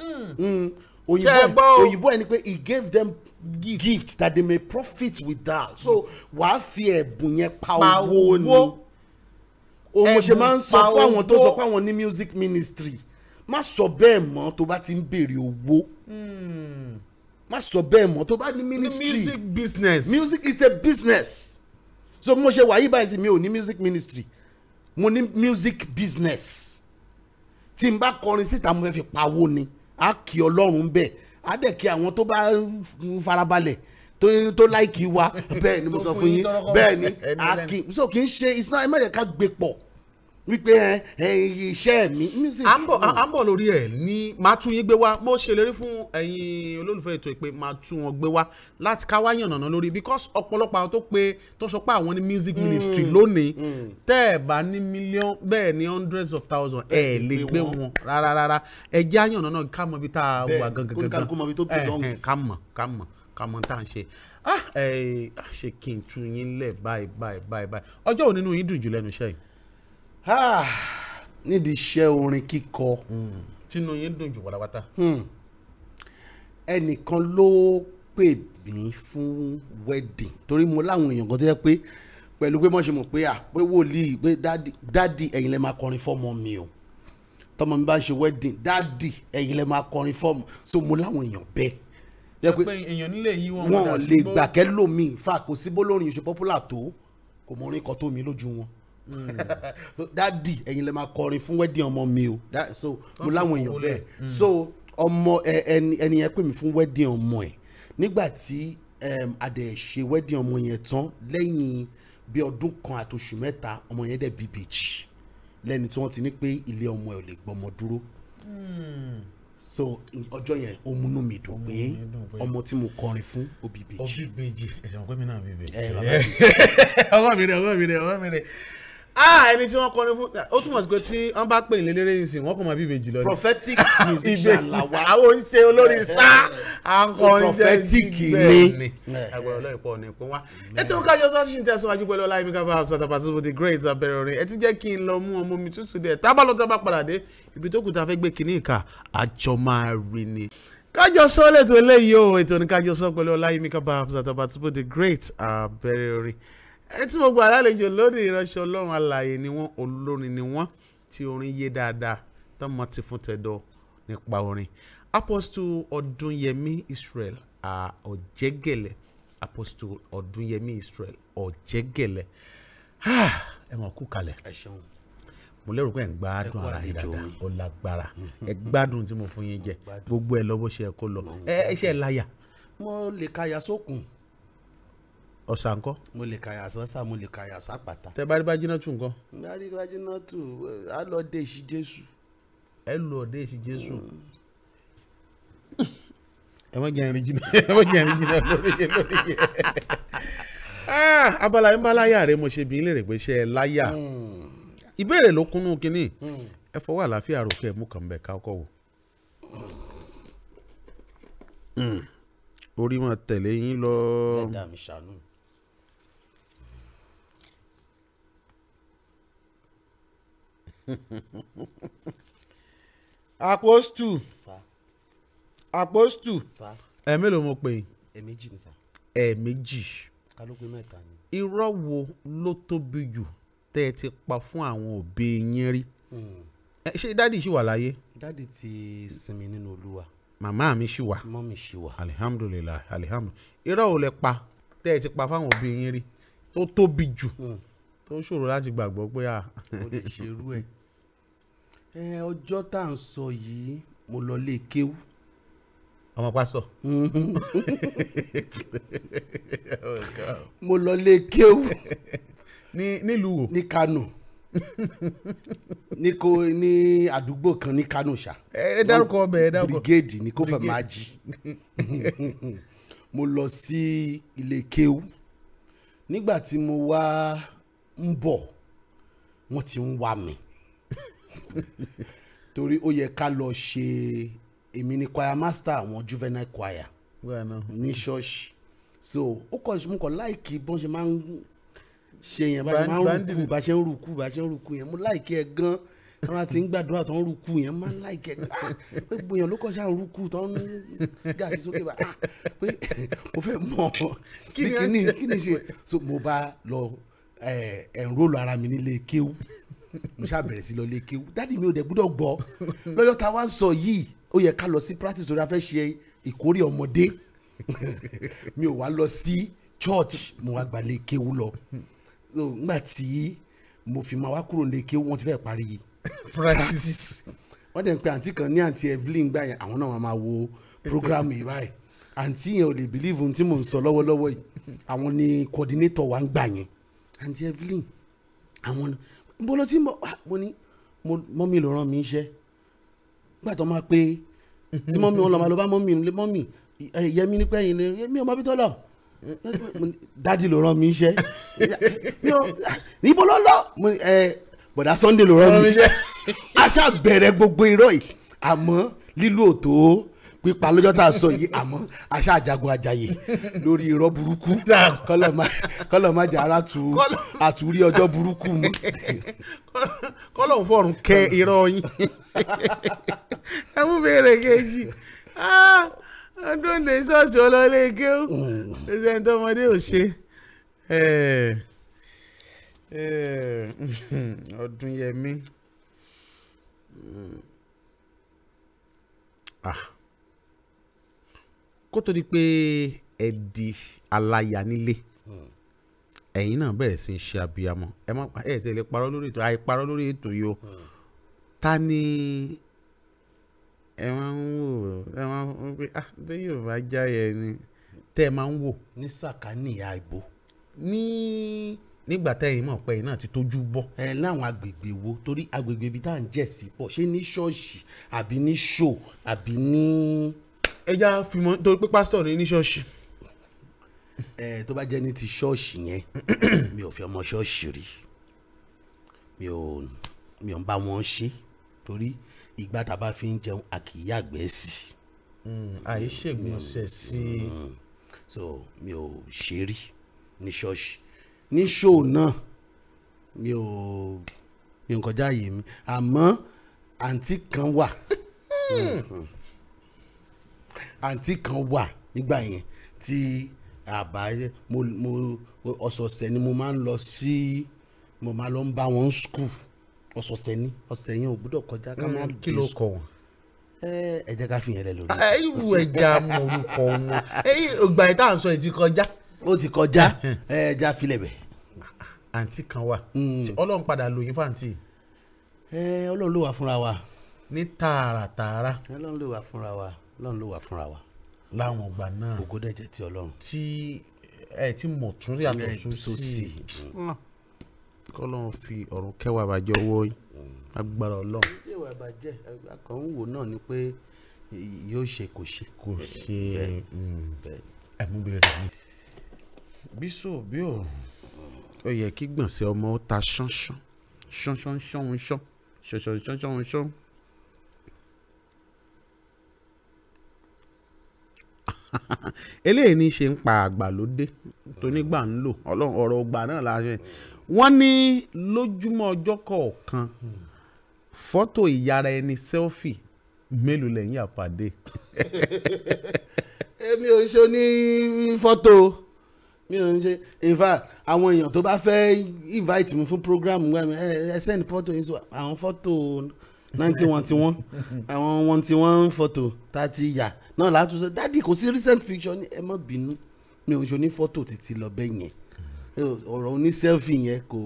A: Mm. òyìnbó òyìnbó ẹni pé he gave them gift. gift that they may profit with that so mm. wàá fi ẹ̀bùn yẹn pa owó ni òun mo ṣe máa ń sọ fún àwọn tó sọ pé àwọn ní music ministry má sọ bẹ́ẹ̀ mọ́ tó bá ti ń béèrè owó mm. má sọ bẹ́ẹ̀ mọ́ tó bá ní ministry music business music is a business so mo ṣe wàyí báyìí sí mi ò ní music ministry mo ní music business tí n bá kọrin síta mo fẹ́ fi pawó ni. Mm á kí ọlọ́run bẹ́ẹ̀ á dẹ̀ kí àwọn tó bá farabalẹ̀ tó tó láìkí wa bẹ́ẹ̀ ni mo sọ fún yín bẹ́ẹ̀ ni a kì í so kì í ṣe ìsiná ẹ má yẹ ká gbé pọ̀ wípé ẹ ẹ iṣẹ́ mi. à ń bọ̀ à ń bọ̀ lórí ẹ̀ ní máa tún yín gbé wá mo ṣèlérí fún ẹ̀yin olólùfẹ́ ètò ìpè máa tún wọn gbé wá láti ká wá yànnàná lórí because ọ̀pọ̀lọpọ̀ àwọn tó pe tó sọ pé àwọn ní music hmm, ministry lónìí hmm. tẹ́ ẹ̀ bá ní million bẹ́ẹ̀ ni hundreds of thousands ẹ̀ lè gbé wọn rárá rárá ẹ jẹ́ àyànnàná ká mọ̀ bí tá a wà gangan gangan ká mọ̀ ká mọ̀ ká mọ̀ tá à ń ṣe ah ẹ ṣe kí n tún yín lẹ̀ báyìí báyìí báyìí ọjọ́ òní nínú Ah, nídìí iṣẹ́ orin kíkọ. Hmm. tínú yín dùn jù pátápátá. Hmm. ẹnìkan ló pè mí fún wedding torí mo láwọn èèyàn kan tó yẹ pé pẹ̀lú pé wọ́n ṣe mọ̀ pé à ah, pé wòlíì pé dádì ẹ̀yin lè máa kọrin fọ́mọ mi o tọmọ mi bá ṣe wedding dádì ẹ̀yin lè máa kọrin fọ́mọ so mo láwọn èèyàn bẹ́ẹ̀ jẹ́ pé èèyàn nílé yìí wọ́n wọ́n lè gbàkẹ́ lómi fa kò sí bólórin ìṣe popular tó kò mọ orin kan tó mi lójú wọn Mm. dadi ẹ̀yin lè máa kọrin fún wedding ọmọ mi o so mo láwọn èèyàn bẹ́ẹ̀ mm. so ọmọ ẹni yẹn pè mí fún wedding ọmọ ẹ̀ nígbà tí adẹ̀ ṣe wedding ọmọ yẹn tán lẹ́yìn bí ọdún kan àtòṣù mẹ́ta ọmọ yẹn dẹ̀ bí bèjì lẹ́ni tí wọ́n ti ní pé ilé ọmọ ẹ̀ ò lè gbọ́mọ dúró mm. so ọjọ́ yẹn ó múnú mi dùn pé ọmọ tí mo kọrin fún òbí bèjì. òbí bèjì ẹ̀sìn ọ̀pẹ́ mi náà bí bèjì. ọwọ́ mi rẹ̀ ọwọ́ mi rẹ̀ ọwọ́ mi rẹ̀ ẹni tí wọ́n kọrin fún ó túmọ̀ sí pé tí wọ́n bá pè ní lélẹ́rẹ́ yìí wọ́n kàn máa bí ìbejì lọ prophetic musician la wa. àwọn oníṣe olórin sá akọrin jẹ́ bẹ́ẹ̀ ni. agbára ọlọ́run pọ̀ ní ìpín wa. ètò ìkájọ tó ṣì ń tẹ̀síwájú pẹ̀lú ọláyímíkà bá ọ̀sán tàbátúbù the great abẹ́rẹ́ orin ẹ ti jẹ́ kí n lọ mú ọmọ mi tútù dẹ̀ tábàlọ́ tábà padà dé ibi tó kù a fẹ́ ni kájọ sọ lẹ́tọ̀ọ́ eléyìí o ètò ní kájọ sọ pẹ̀lú ọláyímíkà bá ọ̀sán tàbátúbù the great abẹ́rẹ́ orin ẹni tí mo gbà lálejò lórí ìránṣẹ́ ọlọ́run alààyè ni wọ́n olórin ni wọ́n tí orin yé dáadáa tán mọ́ ti fún tẹ̀dọ̀ nípa orin apostle ọdúnyẹmí israel ọ̀jẹ̀gẹ̀lẹ̀ apostle ọdúnyẹmí israel ọ̀jẹ̀gẹ̀lẹ̀ ah, ẹ mọ̀ kú kalẹ̀ mo lérò pé ẹ̀ ń gbádùn ara yín dáadáa ó lágbára mm-hmm. ẹ gbádùn tí mo fún yín jẹ gbogbo ẹ lọ bó ṣe kó lọ ẹ ṣe láyà. mo lè kaya sókun. So ọ̀sà ńkọ́. mo lè kàyà sọ́sà mo lè kàyà sápàtà. tẹ bá rí bá jiná tù ńkọ́. bá rí bá jiná tù á lọ dé èsì jésù. ẹ lọ dé èsì jésù. Mm. ẹ mọ jẹrin jiná ẹ mọ jẹrin jiná lórí yẹ lórí yẹ. Ah, abala ń bá láyà rẹ mo ṣe bí ilé rẹ pé ṣe ẹ láyà mm. ìbéèrè ló kúnnú kínní mm. ẹ fọwọ́ àlàáfíà ròkè mú kàn bẹ̀ ká wò orí máa tẹ̀lé yín lọ. ẹ̀dá mi ṣàánú. apostu apostu ẹ mélòó mo pè yín. ẹ̀ẹ̀mejì ni sà. ẹ̀ẹ̀mejì. kálukú irọ́ wo ló tóbi jù tẹ́ ẹ ti pa fún àwọn òbí yín rí. Hmm. ṣé dádì ṣì wà láyé. dádì ti sinmi nínú olúwa. màmá mi ṣì wà. mọ́ mi ṣì wà. alihamudulilayi alihamudulilayi irọ́ wo lẹ pa tẹ́ ẹ ti pa fáwọn òbí yín rí tó tóbi jù. Mm tó ṣòro láti gbàgbọ́ pé à. ó lè ṣerú ẹ̀ ẹ ọjọ́ tá à ń sọ yìí mo lọ lé kéwú. ọmọ pásítọ̀. Oh, mo lọ lé kéwú. ní nílùú wo. ní Kano ní ko ní àdúgbò kan ní Kano ṣá. ẹ dárúkọ ọbẹ ẹ dárúkọ. brigade ní kò fẹ́ máa jí mo lọ sí ilé kéwú nígbà tí mo wá. Wa ń bọ̀ wọ́n ti ń wá mi torí ó yẹ ká lọ ṣe èmi ni choir master àwọn juvenile choir ní ṣọ́ọ̀ṣì so ó kọ mo kọ láìkí bọ́n ṣe máa ń ṣe yẹn bá ṣe máa ń rúkú bá ṣe ń rúkú bá ṣe ń rúkú yẹn mo láìkí ẹ gan wọn àti ń gbàdúrà tó ń rúkú yẹn máa ń láìkí ẹ ah, pé gbòyàn ló kọ ṣáà rúkú tó ń gàdí sókè bá ah, pé mo fẹ́ mọ̀ kí ni kí ni ṣe so mo bá lọ ẹ̀ǹrólù ara mi nílé kéwú mo ṣáà bẹ̀rẹ̀ sí lọ lé kéwú dáàdi mi ò dẹ̀ gbúdọ̀ gbọ́ lọ́jọ́ tá a wá ń sọ yìí ó yẹ ká lọ sí practice tó dáa fẹ́ ṣe ìkórè ọmọdé mi ò wá lọ sí church mo wá gba lé kéwú lọ nígbà tí mo fi máa wá kúrò lé kéwú wọ́n ti fẹ́ parí
B: practice
A: wọ́n dẹ̀ ń pe àǹtí kan ní àǹtí Evelyn gbà yẹn àwọn náà máa wo program yìí báyìí àǹtí yẹn ò lè believe ohun tí mò ń sọ lọ́wọ́lọ́wọ́ yìí àwọn ni coordinator wa ń gbà yẹn àǹtí evelyn àwọn bó ló ti ń bọ̀ mo ní mọ́mí ló rán mi iṣẹ́ nígbà tó máa pé tí mọ́mí wọn lọ máa lọ bá mọ́mí nílé mọ́mí yẹmi ní pẹ́yìn ní mi ò mọ bí tó lọ dádì ló rán mi iṣẹ́ níbo ló lọ bọ̀dá sunday ló rán mi iṣẹ́ aṣá bẹ̀rẹ̀ gbogbo irọ́ yìí àmọ́ lílù òtó pípa lọ́jọ́ tá a sọ yìí àmọ́ aṣá àjagun àjàyè lórí irọ́ burúkú kọ́lọ̀ má jà ara tù àtúrí ọjọ́ burúkú mu. kọ́lọ̀ ń fọ̀rùn kẹ irọ́ yín ẹ mú bèrè kejì ah, ọdún lè ṣọ́ọ̀ṣì ọlọ́lé kéw ṣe ń ò ṣe ọdún yẹmí. Mm. Ah kó tó di pé ẹ di aláya nílé hmm. ẹ̀yin náà bẹ̀rẹ̀ sí í ṣe abiyamọ ẹ má ẹ tẹ̀lé parọ́ lórí ètò àìparọ́ lórí ètò yìí o hmm. ta ni ẹ máa ń wò ẹ máa ń wò pé ah bí yorùbá já yẹ ni tẹ ẹ máa ń wò. ní sàkání ìyá ìbò. ní nígbà tẹ́yìn mọ̀ pé iná ti tójú bọ́. ẹ láwọn agbègbè wo torí agbègbè ibi tá à ń jẹ̀ sí pọ̀ ṣé ní ṣọ́ọ̀ṣì àbí ní ṣò àbí ní ẹja fìmọ̀ torí pé pásítọ̀ ní ní ṣọ́ọ̀ṣì. ẹ tó bá jẹ́ ní ti ṣọ́ọ̀ṣì yẹn mi ò fi ọmọ ṣọ́ọ̀ṣì rí mi ò mi ò ń bá wọn ṣe torí ìgbà tá a bá fi ń jẹun a kì í yàgbẹ́ sí i. Hmm, àìṣègbọ̀nsẹ̀ sí i. Hmm, so mi ò ṣe rí ní ṣọ́ọ̀ṣì ní ṣóò náà mi ò mi ò kọjá yìí mi àmọ́ àǹtí kan wà. Mm-hmm àǹtí kan wà nígbà yẹn tí àbá mo mo ọ̀sọ̀ọ̀sẹ̀ ni mo máa ń lọ sí mo máa lọ ń bá wọn skul ọ̀sọ̀ọ̀sẹ̀ ni ọ̀sẹ̀ yẹn ò gbọ́dọ̀ kọjá ká má mm, dé kí ló kọ wọn ẹ jẹ́ ká fi yẹn lẹ lórí. Ah, irú ẹja mọ orúkọ wọn ìgbà yìí tá à ń sọ yìí ti kọjá. ó ti kọjá eh, eh. ẹ ẹja filẹ̀ bẹ̀. àǹtí kan wà mm. ọlọ́run padà lò yín fáǹtì. ẹ ọlọ́run ló wà fúnra wa. ní tààràtààrà. ọlọ́run ló wà fúnra wa ọlọ́run ló wà fúnra wa. láwọn ọgbà náà ògo dẹ̀jẹ̀ ti ọlọ́run. tí ẹ ti mọ̀ tún rí àtọ̀sùn sí i mm. ah, kọ́lọ́run fi ọ̀run kẹwàá bàjẹ́ owó mm. agbára ọlọ́run. kẹwàá bàjẹ́ akọ̀hún wò náà ni pé yóò ṣe kò ṣe. kò ṣe ẹ̀múbẹ̀rẹ̀ mm. mi. bísọ̀ bí ò ó yẹ kí gbọ̀nsẹ̀ ọmọ ó ta ṣánṣán ṣánṣán ṣánṣán ṣánṣán ṣánṣán ṣánṣán. eléyìí ní ṣe ń pa àgbà lóde tónígbà ń lò ọlọ́run ọ̀rọ̀ ọgbà náà la ṣe wọ́n ní lójúmọ́ ọjọ́ kọ̀ọ̀kan fọ́tò ìyára ẹni sẹ́ọ́fì mélòó lẹ́yìn àpàdé. èmi ò ṣe ní fọ́tò mi ò ń ṣe in fact àwọn èèyàn tó bá fẹ́ invite mi fún program ẹ send fọ́tò yín sí àwọn fọ́tò
B: nineteen one ti wọ́n
A: àwọn one ti wọ́n fọ́tò tá a ti yà náà látún sọ dáàdì kò sí recent picture ní ẹ má bínú mi ò ń ṣe oní fọ́tò títí lọ bẹ́ẹ̀ yẹn ọ̀rọ̀ oní selfie yẹn kò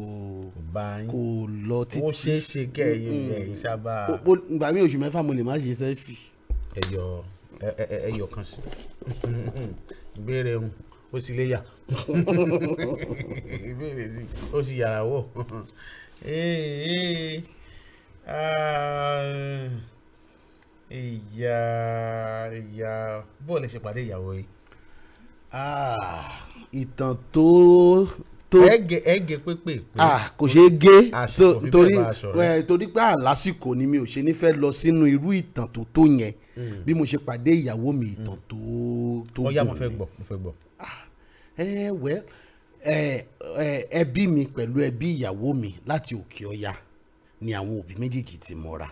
A: kò lọ títí. ó ṣeé ṣe kẹ́ ẹ̀yin ẹ̀ ìṣàbà. ìgbà mi oṣù mẹ́fà mo lè má ṣe selfie. ẹyọ ẹyọ kan sí ìbéèrè ń ó sì lè yà ìbéèrè sí ó sì yàrá wọ̀. Ah, ìyá ìyá bó o lè ṣe pàdé ìyàwó yìí. Ah, ìtàn tó tó ẹgẹ ẹgẹ pépè pé ah, kò ṣeé gé ah, torí eh, torí pé àlásìkò ni mi ò ṣe nífẹ̀ẹ́ lọ sínú irú ìtàn tó tó yẹn mm. bí mo ṣe pàdé ìyàwó mi ìtàn mm. tó tó gùn ni. ọ̀ya mo fẹ́ gbọ́ mo fẹ́ gbọ́. ẹ wẹ ẹbí mi pẹ̀lú ẹbí ìyàwó mi láti òkè ọya ni àwọn òbí méjèèjì ti mọ́ra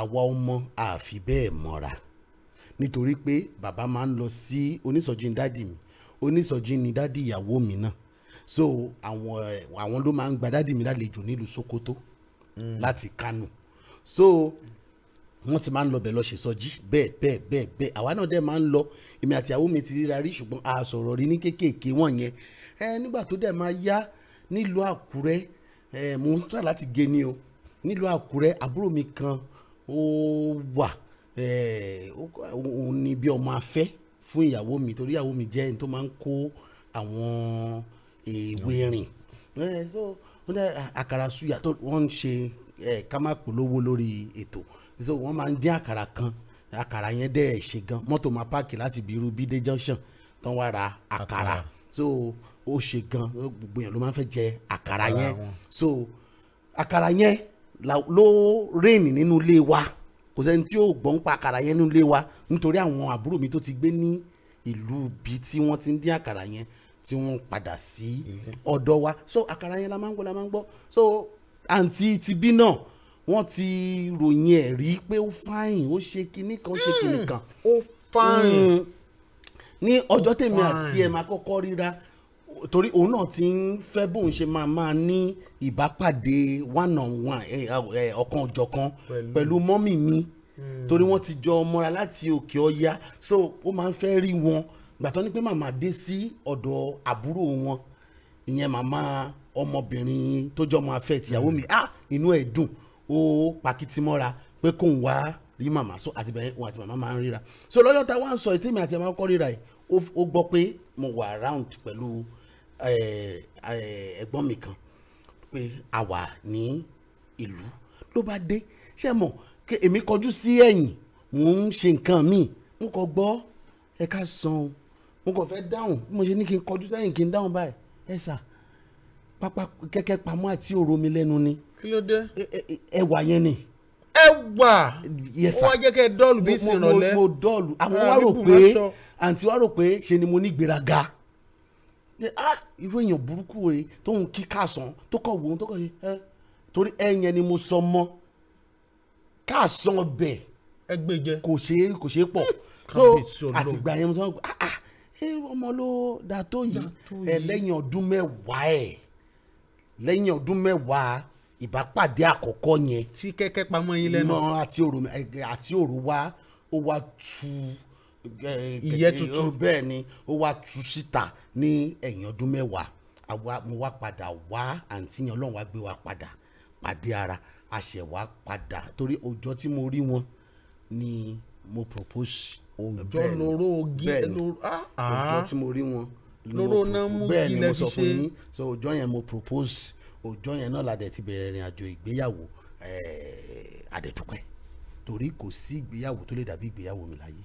A: àwa ọmọ àfi bẹ́ẹ̀ mọ́ra nítorí pé bàbá máa ń lọ sí onísọjí ní dádì mi onísọjí ní dádì ìyàwó mi náà so àwọn àwọn ló máa ń gba dádì mi lálejò nílùú Sokoto láti Kánò so wọ́n ti máa ń lọ bẹ̀ lọ ṣe sọjí bẹ́ẹ̀ bẹ́ẹ̀ bẹ́ẹ̀ bẹ́ẹ̀ àwa náà dẹ̀ máa ń lọ èmi àti ìyàwó mi ti ríra rí ṣùgbọ́n a sọ̀rọ̀ rí ní kéékèèké wọ̀nyẹn ẹ nígbà tó dẹ̀ máa yá nílùú Àkúrẹ́ ẹ mo ń tọ́ láti gé ni o nílùú Àkúrẹ́ àbúrò mi kan ó wà òun ni bí ọmọ afẹ́ fún ìyàwó mi torí ìyàwó mi jẹ́ ẹni tó máa ń kó àwọn ìwé rìn àkàrà suya tó wọ́n ń ṣe ká má polówó lórí ètò wọ́n máa ń dín àkàrà kan àkàrà yẹn dẹ́ ṣe gan mọ́tò máa páàkì láti bí bídé junction tán wá ra àkàrà so ó ṣe gan gbogbo yẹn ló máa ń fẹ́ jẹ àkàrà yẹn so àkàrà yẹn ló rẹ́ẹ̀nì nínú ilé wa kò sẹ́ni tí ó gbọ́n pa àkàrà yẹn nínú ilé wa nítorí àwọn àbúrò mi tó ti gbé ní ìlú bíi tí wọ́n ti ń dín àkàrà yẹn tí wọ́n padà sí ọ̀dọ̀ wa so àkàrà yẹn la máa ń gbọ́ la máa ń gbọ́ so àǹtí ti bí náà wọ́n ti ròyìn ẹ̀ rí pé ó fáyìn ó ṣe kinní kan ó ṣe kinní kan hmm, ó fáyìn hmm. ní ọjọ́ tèmi àti ẹ̀ máa kọ́kọ́ ríra torí òun náà ti ń fẹ́ bóun ṣe máa máa ní ìbápàdé one on one eh, ah, eh, ọ̀kan ọ̀jọ̀kan pẹ̀lú mọ́mì mi hmm. torí wọ́n ti jọ mọ́ra láti òkè ọya so ó máa ń fẹ́ rí wọn gbàtọ́ ni pé màmá dé sí ọ̀dọ̀ àbúrò wọn ìyẹn màmá ọmọbìnrin tó jọ máa fẹ́ tìyàwó mi hmm. ah inú ẹ̀ dùn ó pàkìtì mọ́ra pé kò ń wá rí màmá so àti bẹ́ẹ̀ òun àti màmá máa ń ríra so lọ́jọ́ ta wá ń sọ ètí mi àti ẹ̀ kọ́ ríra yìí ó gbọ́ pé mo wà round pẹ̀lú ẹ̀gbọ́n mi kan pé a wà ní ìlú ló bá dé ṣé mọ̀ kí èmi kọjú sí ẹ̀yìn mò ń ṣe nǹkan míì mo kàn gbọ́ ẹ ká san o mo kàn fẹ́ dáhùn bí mo ṣe ní kí n kọjú sẹ́yìn kí n dáhùn báyìí ẹ sà pápá kẹ́kẹ́ pamọ́ àti òró mi lẹ́nu ni. kí ló dé. ẹwà yẹn ni. ẹwà ó wá jẹ́ kẹ́ ẹ dọ́ọ̀lù bí ìsìn ìrọ̀lẹ́. mo dọ́ọ̀lù àwọn wá rò pé àǹtí wá rò pé ṣe ni mo ní gbéraga Ah, irú èèyàn burúkú rẹ̀ tóun kí kásán tó kọ̀ wò ó tó kọ̀ ṣe ẹ torí ẹyẹn ni mo sọ mọ́ kásán bẹ̀ ẹgbẹ́jẹ kò ṣeé kò ṣeé pọ̀ tó àtìgbà yẹn mo sọ pé ah ah ọmọ ló da tó yìí ẹ lẹ́yìn ọdún mẹ́wàá ẹ̀ lẹ́yìn ọdún mẹ́wàá ìbápàdé àkọ́kọ́ yẹn. tí kẹ́kẹ́ pamọ́ yín lẹ́nu. àti òru àti ó wá tu ìyẹ́ tuntun bẹ́ẹ̀ ni ó wá tú síta ní ẹ̀yìn ọdún mẹ́wàá mo wá padà wá àǹtí yẹn ọlọ́run wá gbé wa padà pàdé ara a ṣẹ̀ wá padà torí ọjọ́ tí mo rí wọn ni mo propose ọjọ́ lóró ogi ah, ah. ọjọ́ tí mo rí wọn lóró náà mú bẹ́ẹ̀ ni mo sọ fún yín so ọjọ́ yẹn mo propose ọjọ́ yẹn náà la dẹ̀ ti bẹ̀rẹ̀ ìrìn àjò ìgbéyàwó àdẹ̀dúpẹ́ torí kò sí ìgbéyàwó tó lè dàbí ìgbéyàwó mi láyé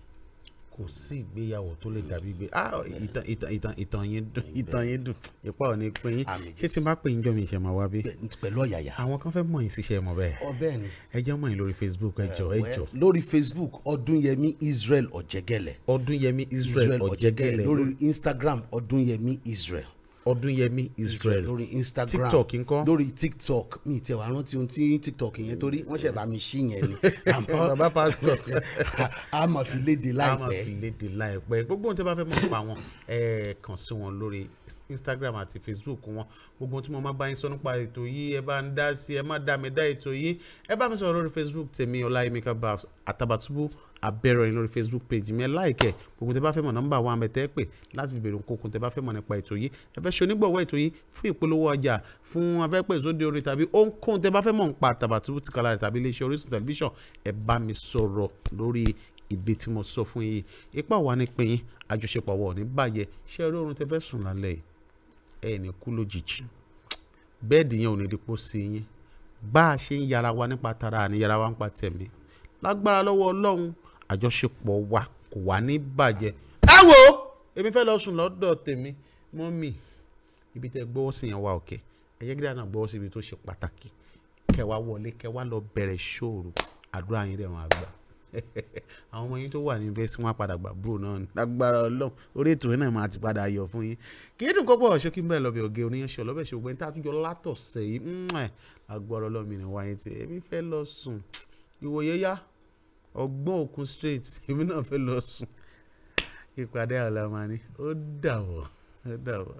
A: kò sí ìgbéyàwó tó lè dàbí gbé ah ìtàn ìtàn ìtàn ìtàn yẹn dùn ìtàn yẹn dùn ipa ò ní pín yín ṣé tí n bá pín yín jọ mi ìṣẹ̀ máa wá bí. pẹ̀lú ọ̀yàyà. àwọn kan fẹ́ mọ̀ yín síṣẹ́ mọ̀ bẹ́ẹ̀. ọ bẹ́ẹ̀ ni. ẹ jẹ́ mọ̀ yín lórí facebook ẹ jọ ẹ jọ. lórí facebook ọdúnyẹmí israel ọ̀jẹ̀gẹ̀lẹ̀. ọdúnyẹmí israel ọ̀jẹ̀gẹ̀lẹ̀. lórí instagram ọdúnyẹmí israel ọdúnyẹmí israel lórí instagram tiktok ńkọ́ lórí tiktok mi tiẹ̀ wá rántí ohun tí tiktok yẹn torí wọ́n ṣẹ̀ bá mi ṣí yẹn ni bàbá pásítọ̀ a máa fi léde láìpẹ́ a máa fi léde láìpẹ́ gbogbo ohun tí wọ́n bá fẹ́ mọ̀ pa wọn ẹ kàn sí wọn lórí instagram àti facebook wọn gbogbo ohun tí mo máa bá yín sọ nípa ètò yìí ẹ bá ń dá sí ẹ má dá mi dá ètò yìí ẹ bá mi sọ̀rọ̀ lórí facebook tèmi ọláyẹmí kábàá àtàbàtúbú abẹ́rọ̀ yín lórí facebook page mi ẹ láìkẹ́ gbogbo tẹ bá fẹ́ mọ̀ nọ́mbà wa àmì tẹ́ pè láti fi bèrè nǹkan tẹ bá fẹ́ mọ̀ nípa ètò yìí ẹ fẹ́ ṣe onígbọ̀wọ́ ètò yìí fún ìpolówó ọjà fún afẹ́pẹ́ ìsóde orin tàbí ohunkóhun tẹ bá fẹ́ mọ̀ nípa Àtàbàtúbú tìkálà rẹ̀ tàbí iléeṣẹ́ Orísun tẹlifíṣàn ẹ bá mi sọ̀rọ̀ lórí ibi tí mo sọ fún yìí ipa wà ni pé yín àjọṣepọ̀ wọ̀ ní bàjẹ́ ṣé ẹ rọrùn tẹ fẹ́ sùn lálẹ́ ẹ ní lágbára lọ́wọ́ Ọlọ́run àjọṣepọ̀ wa kò wá ní bàjẹ́ ẹ wo èmi fẹ́ lọ sùn lọ́dọ̀ tèmi mọ́mì ibi tẹ gbọ́wọ́ sí yẹn wá òkè ẹ̀yẹ́ gíga náà gbọ́wọ́ sí ibi tó ṣe pàtàkì kẹ wá wọlé kẹ wá lọ bẹ̀rẹ̀ ṣòro àdúrà yín rẹ̀ wọ́n á gbà àwọn ọmọ yín tó wà níbẹ̀ sí wọn padà gbà búrò náà lágbára ọlọ́run orí ètò náà máa ti padà yọ fún yín kíndùn kọ́pọ̀ ọ̀ṣọ́ kí n bẹ́ẹ̀ lọ́bẹ̀ ọ̀gẹ̀ oníyanṣẹ́ ọlọ́bẹ̀ ṣe ògbẹ́ni tá a tún jọ látọ̀sẹ̀ yìí agbára mmm, ọlọ́run mi ni wáyé tí èmi fẹ́ lọ sùn ìwòye yá ọgbọ́n òkun straight èmi náà fẹ́ lọ sùn ìpàdé àlàmà ni ó dàwọ̀ ó dàwọ̀.